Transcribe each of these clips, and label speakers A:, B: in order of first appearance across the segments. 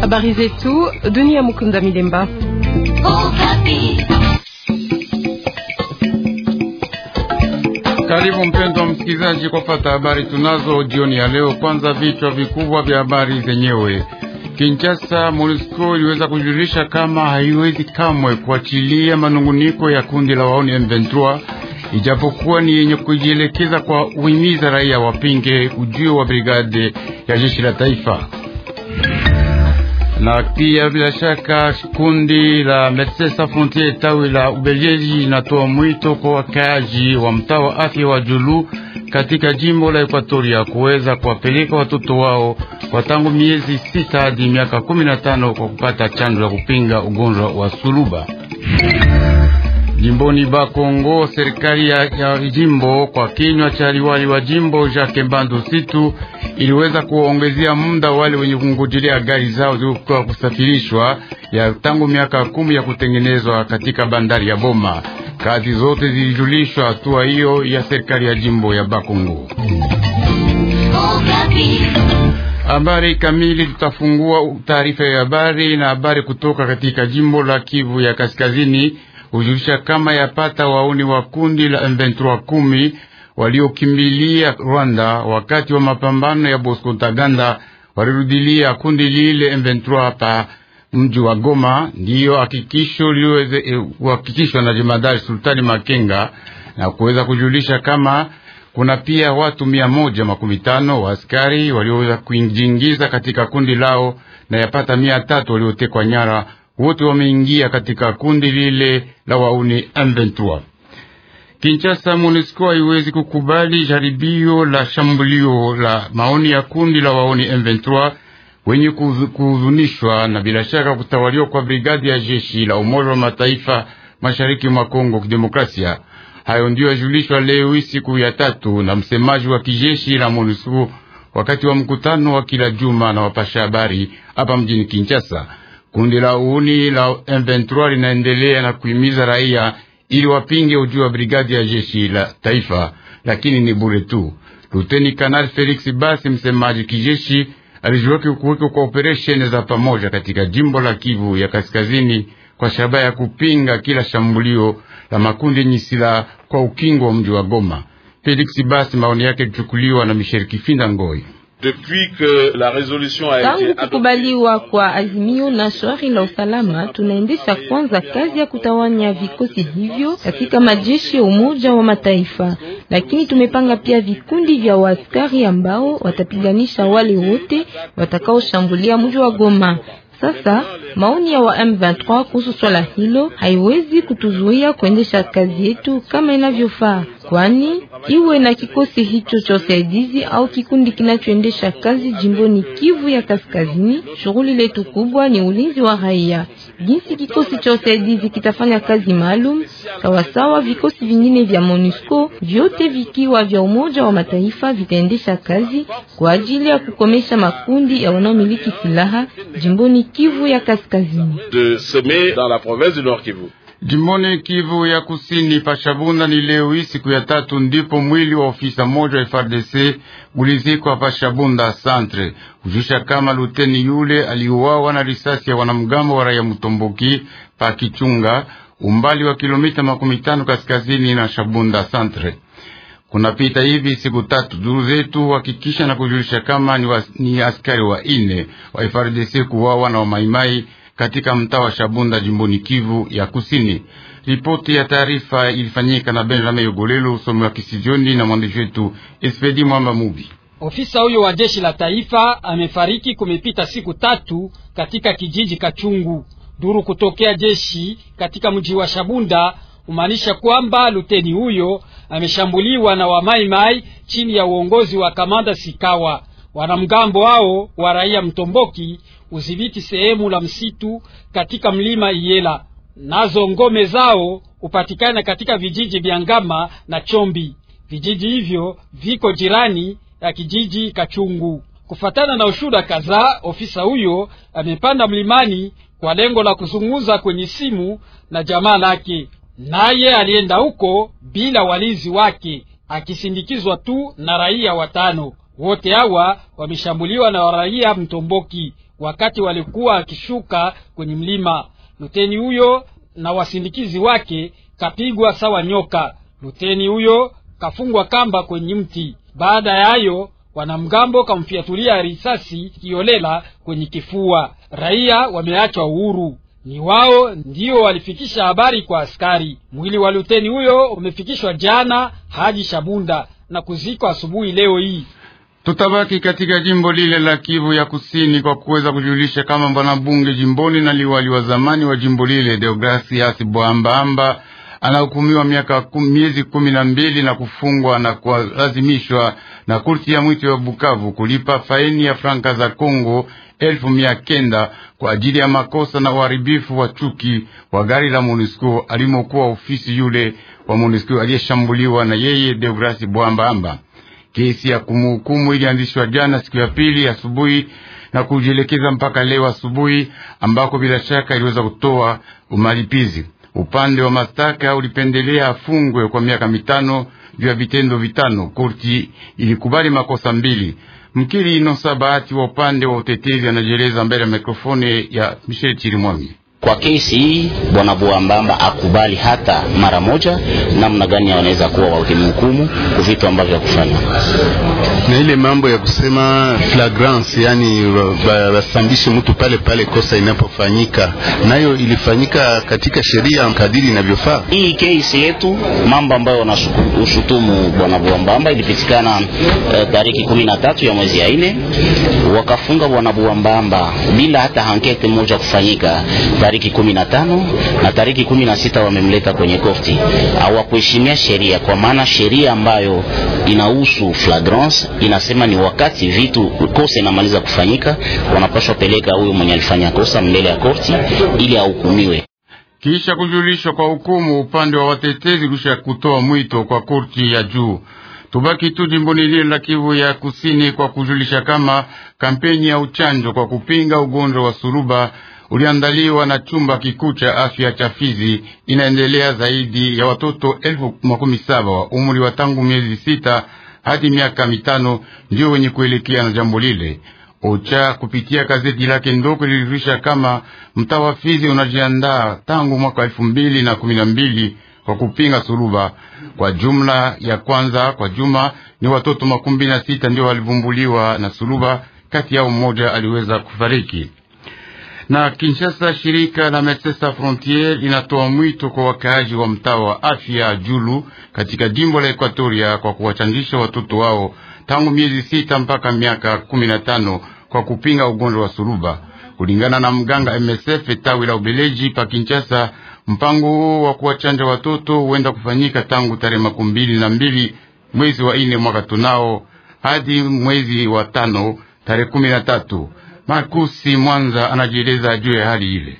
A: Habari zetu dunia. Mukunda Milemba.
B: Karibu mpendwa msikilizaji, kwa fata habari tunazo jioni ya leo. Kwanza vichwa vikubwa vya habari zenyewe. Kinshasa, MONUSCO iliweza kujulisha kama haiwezi kamwe kuachilia manunguniko ya kundi la waoni M23 ijapokuwa ni yenye kujielekeza kwa uhimiza raia wapinge ujio wa brigade ya jeshi la taifa na pia bila shaka kundi la Medecins Sans Frontieres tawi la Ubelgiji linatoa mwito kwa wakaaji wa mtaa wa afya wa Julu katika jimbo la Ekuatoria kuweza kuwapeleka watoto wao kwa tangu miezi sita hadi miaka kumi na tano kwa kupata chanjo ya kupinga ugonjwa wa suluba. Jimboni Bakongo, serikali ya, ya jimbo kwa kinywa cha liwali wa jimbo Jacques Mbandu Situ iliweza kuongezea muda wale wenye kungojelea gari zao zilizokuwa kusafirishwa ya tangu miaka kumi ya kutengenezwa katika bandari ya Boma. Kazi zote zilijulishwa hatua hiyo ya serikali ya jimbo ya Bakongo. Habari kamili, tutafungua taarifa ya habari na habari kutoka katika jimbo la Kivu ya Kaskazini hujulisha kama yapata wauni wa kundi la M23 kumi waliokimbilia Rwanda wakati wa mapambano ya Bosco Ntaganda walirudilia kundi lile M23 pa mji wa Goma. Ndiyo hakikisho kuhakikishwa eh, na jemadari Sultani Makenga na kuweza kujulisha kama kuna pia watu mia moja makumi tano wa askari walioweza kujiingiza katika kundi lao na yapata mia tatu waliotekwa nyara wote wameingia katika kundi lile la wauni M23. Kinshasa, MONUSCO haiwezi kukubali jaribio la shambulio la maoni ya kundi la wauni M23 wenye kuhuzunishwa na bila shaka kutawaliwa kwa brigadi ya jeshi la Umoja wa Mataifa mashariki mwa Kongo Kidemokrasia. Hayo ndio yajulishwa leo siku ya tatu na msemaji wa kijeshi la MONUSCO wakati wa mkutano wa kila juma na wapasha habari hapa mjini Kinshasa. Kundi la uhuni la M23 linaendelea na kuhimiza raia ili wapinge ujio wa brigadi ya jeshi la taifa, lakini ni bure tu. Luteni Kanali Felix Basi, msemaji kijeshi, alijiweke kuweko kwa operesheni za pamoja katika jimbo la Kivu ya kaskazini kwa shabaha ya kupinga kila shambulio la makundi yenye silaha kwa ukingo wa mji wa Goma. Felix Basi, maoni yake lichukuliwa na Misheri Kifinda Ngoi. Tangu
A: kukubaliwa kwa azimio na shauri la usalama, tunaendesha kwanza kazi ya kutawanya vikosi hivyo katika majeshi ya Umoja wa Mataifa, lakini tumepanga pia vikundi vya waaskari ambao watapiganisha wale wote watakaoshambulia mji wa Goma sasa maoni ya wa M23 kuhusu swala hilo haiwezi kutuzuia kuendesha kazi yetu kama inavyofaa, kwani iwe na kikosi hicho cha usaidizi au kikundi kinachoendesha kazi jimboni Kivu ya Kaskazini, shughuli letu kubwa ni ulinzi wa raia jinsi kikosi cha usaidizi kitafanya kazi maalum sawasawa. Vikosi vingine vya MONUSCO vyote vikiwa vya Umoja wa Mataifa vitaendesha kazi kwa ajili ya kukomesha makundi ya wanaomiliki silaha jimboni Kivu ya Kaskazini.
B: Jimboni Kivu ya Kusini pashabunda ni leo hii siku ya tatu ndipo mwili wa ofisa mmoja wa frdc ulizikwa pashabunda santre, kujusha kama luteni yule aliuawa na risasi ya wanamgambo wa raia Mutomboki pa Kichunga, umbali wa kilomita makumi tano kaskazini na Shabunda santre. Kunapita hivi siku tatu, duru zetu uhakikisha na kujulisha kama ni, wa, ni askari wa ine wa frdc kuwawa na wamaimai katika mtaa wa Shabunda jimboni Kivu ya Kusini. Ripoti ya taarifa ilifanyika na Benjamin Yogolelo, somo wa kisijoni na mwandishi wetu Espedi Mwamba Mubi.
C: Ofisa huyo wa jeshi la taifa amefariki kumepita siku tatu katika kijiji Kachungu. Duru kutokea jeshi katika mji wa Shabunda umaanisha kwamba luteni huyo ameshambuliwa na wamaimai chini ya uongozi wa kamanda Sikawa. Wanamgambo hao wa raia mtomboki udhibiti sehemu la msitu katika mlima Iyela, nazo ngome zao hupatikana katika vijiji vya Ngama na Chombi. Vijiji hivyo viko jirani ya kijiji Kachungu. Kufatana na ushuda kadhaa, ofisa huyo amepanda mlimani kwa lengo la kuzunguza kwenye simu na jamaa lake, naye alienda huko bila walinzi wake akisindikizwa tu na raia watano. Wote hawa wameshambuliwa na raia mtomboki wakati walikuwa akishuka kwenye mlima. Luteni huyo na wasindikizi wake kapigwa sawa nyoka. Luteni huyo kafungwa kamba kwenye mti. Baada ya hayo wanamgambo kamfyatulia risasi kiolela kwenye kifua. Raia wameachwa uhuru, ni wao ndio walifikisha habari kwa askari. Mwili wa luteni huyo
B: umefikishwa jana haji Shabunda na kuzikwa asubuhi leo hii. Tutabaki katika jimbo lile la Kivu ya Kusini kwa kuweza kujulisha kama bwana bunge jimboni na liwali wa zamani wa jimbo lile Deogratias Bwambamba anahukumiwa miaka kum, miezi kumi na mbili na kufungwa na kulazimishwa na kurti ya mwito ya Bukavu kulipa faini ya franka za Kongo elfu mia kenda kwa ajili ya makosa na uharibifu wa chuki wa gari la MONUSCO alimokuwa ofisi yule wa MONUSCO aliyeshambuliwa na yeye deograsi Bwambamba. Kesi ya kumhukumu ilianzishwa jana siku ya pili asubuhi na kujielekeza mpaka leo asubuhi, ambako bila shaka iliweza kutoa umalipizi. Upande wa mashtaka ulipendelea afungwe kwa miaka mitano juu ya vitendo vitano. Korti ilikubali makosa mbili. Mkili Inosa Bahati wa upande wa utetezi anajieleza mbele ya mikrofoni ya Michel Chirimwami. Kwa kesi hii bwana Buambamba akubali hata mara moja namna gani wanaweza kuwa wakimhukumu kwa vitu ambavyo kufanya na ile mambo ya kusema flagrance, yani wasambishe mtu pale pale kosa inapofanyika, nayo ilifanyika katika sheria kadiri inavyofaa. Hii kesi yetu, mambo ambayo wanashutumu bwana Buambamba ilipitikana eh, tariki kumi na tatu ya mwezi ya nne, wakafunga bwana Buambamba bila hata ankete moja kufanyika tariki kumi na tano na tariki kumi na sita wamemleta kwenye korti. Hawakuheshimia sheria, kwa maana sheria ambayo inahusu flagrance inasema ni wakati vitu kosa inamaliza kufanyika, wanapaswa peleka huyo mwenye alifanya kosa mbele ya korti ili ahukumiwe. Kisha kujulishwa kwa hukumu, upande wa watetezi kusha kutoa mwito kwa korti ya juu. Tubaki tu jimboni lile la Kivu ya Kusini kwa kujulisha kama kampeni ya uchanjo kwa kupinga ugonjwa wa suruba uliandaliwa na chumba kikuu cha afya cha Fizi, inaendelea zaidi ya watoto elfu makumi saba wa umri wa tangu miezi sita hadi miaka mitano ndio wenye kuelekea na jambo lile. OCHA kupitia gazeti lake ndogo lilirisha kama mtaa wa Fizi unajiandaa tangu mwaka elfu mbili na kumi na mbili kwa kupinga suruba. Kwa jumla ya kwanza kwa juma ni watoto makumi na sita ndio walivumbuliwa na suruba, kati yao mmoja aliweza kufariki. Na Kinshasa, shirika la Medecins Sans Frontieres inatoa mwito kwa wakaaji wa mtaa wa afya Julu katika jimbo la Ekuatoria kwa kuwachanjisha watoto wao tangu miezi sita mpaka miaka kumi na tano kwa kupinga ugonjwa wa suruba. Kulingana na mganga MSF tawi la Ubeleji pa Kinshasa, mpango huo wa kuwachanja watoto huenda kufanyika tangu tarehe makumi mbili na mbili mwezi wa ine mwaka tunao hadi mwezi wa tano tarehe kumi na tatu. Markusi Mwanza anajieleza juu ya hali ile.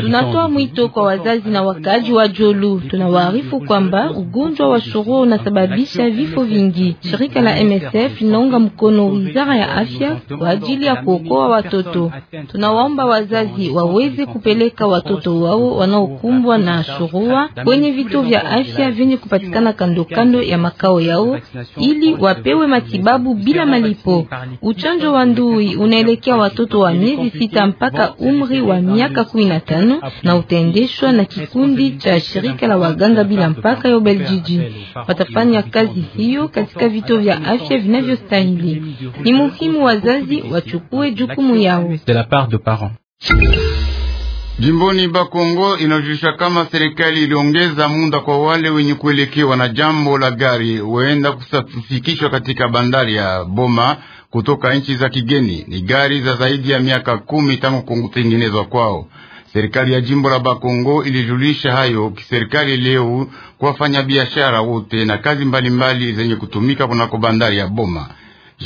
B: Tunatoa
A: mwito kwa wazazi na wakaji wa Jolu. Tunawaarifu kwamba ugonjwa wa shoro unasababisha vifo vingi. Shirika la MSF linaunga mkono wizara ya afya kwa ajili ya kuokoa watoto. Tunawaomba wazazi waweze kupeleka watoto wao wanaokumbwa na shurua kwenye vituo vya afya vyenye kupatikana kando kando ya makao yao ili wapewe matibabu bila malipo. Uchanjo wa ndui unaelekea watoto wa miezi sita mpaka umri umri wa miaka kumi na tano na utaendeshwa na kikundi cha shirika la waganga bila mpaka ya Ubeljiji. Watafanya kazi hiyo katika vituo vya afya vinavyostahili. Ni muhimu wazazi wachukue jukumu yao.
B: Jimboni Bakongo inajulisha kama serikali iliongeza muda kwa wale wenye kuelekewa na jambo la gari huenda kusafikishwa katika bandari ya Boma kutoka nchi za kigeni. Ni gari za zaidi ya miaka kumi tangu kutengenezwa kwao. Serikali ya jimbo la Bakongo ilijulisha hayo kiserikali leo kuwafanya biashara wote na kazi mbalimbali mbali zenye kutumika kunako bandari ya Boma.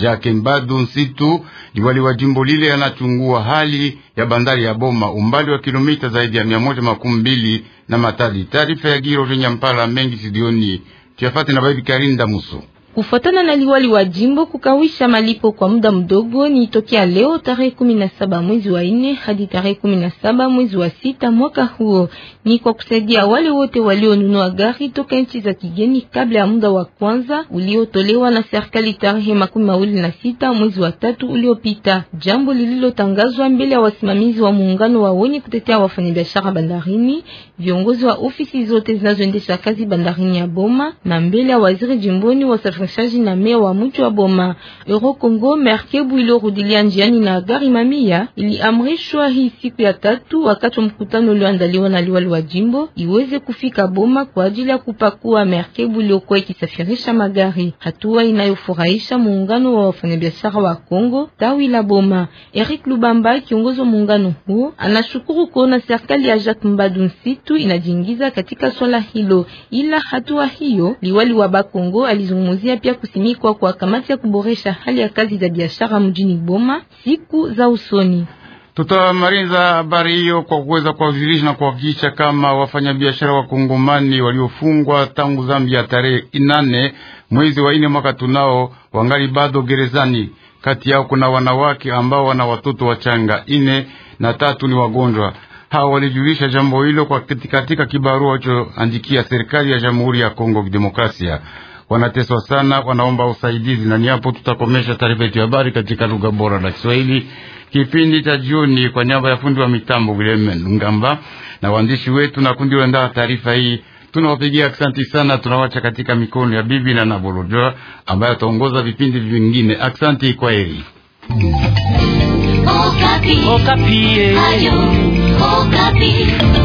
B: Jacques Mbadu Nsitu, liwali wa jimbo lile, anachungua hali ya bandari ya Boma, umbali wa kilomita zaidi ya mia moja makumi mbili na Matadi. Taarifa ya Giro Nyampala mengi sidioni tuyafate na Babi Karinda Muso
A: kufuatana na liwali wa jimbo kukawisha malipo kwa muda mdogo ni tokea leo tarehe kumi saba mwezi wa nne hadi tarehe kumi saba mwezi wa sita mwaka huo. Ni kwa kusaidia wale wote walionunua gari toka nchi za kigeni kabla ya muda wa kwanza uliotolewa na serikali tarehe makumi mawili na sita mwezi wa tatu uliopita, jambo lililotangazwa mbele ya wasimamizi wa muungano wa wenye kutetea wafanyabiashara bandarini, viongozi wa ofisi zote zinazoendesha kazi bandarini ya Boma na mbele ya waziri jimboni wa risasi na meya wa mji wa Boma. Eurocongo merkebu iliyorudilia njiani na gari mamia iliamrishwa hii siku ya tatu, wakati wa mkutano ulioandaliwa na liwali wa jimbo, iweze kufika Boma kwa ajili ya kupakua merkebu iliyokuwa ikisafirisha magari, hatua inayofurahisha muungano wa wafanyabiashara wa Kongo tawi la Boma. Eric Lubamba, kiongozi wa muungano huo, anashukuru kuona serikali ya Jacques Mbadu Nsitu inajiingiza katika swala hilo, ila hatua hiyo liwali wa Bakongo alizungumzia inaendelea pia kusimikwa kwa kamati ya kuboresha hali ya kazi za biashara mjini Goma siku za usoni.
B: Tutamaliza habari hiyo kwa kuweza kuwazilisha na kuhakikisha kama wafanyabiashara wa Kongomani waliofungwa tangu ya tarehe inane mwezi wa ine mwaka tunao wangali bado gerezani. Kati yao kuna wanawake ambao wana watoto wachanga ine na tatu ni wagonjwa. Hawa walijulisha jambo hilo kwa katika kibarua walichoandikia serikali ya Jamhuri ya Kongo Demokrasia wanateswa sana, wanaomba usaidizi. Na ni hapo tutakomesha taarifa yetu ya habari katika lugha bora la Kiswahili kipindi cha jioni, kwa niaba ya fundi wa mitambo Wilhelm Ngamba na waandishi wetu na kundi wendaa taarifa hii tunawapigia aksanti sana. Tunawacha katika mikono ya bibi na Nabolodoa ambaye ataongoza vipindi vingine. Aksanti, kwa heri.
A: Okapi. Okapi. Eh. Ayo, Okapi.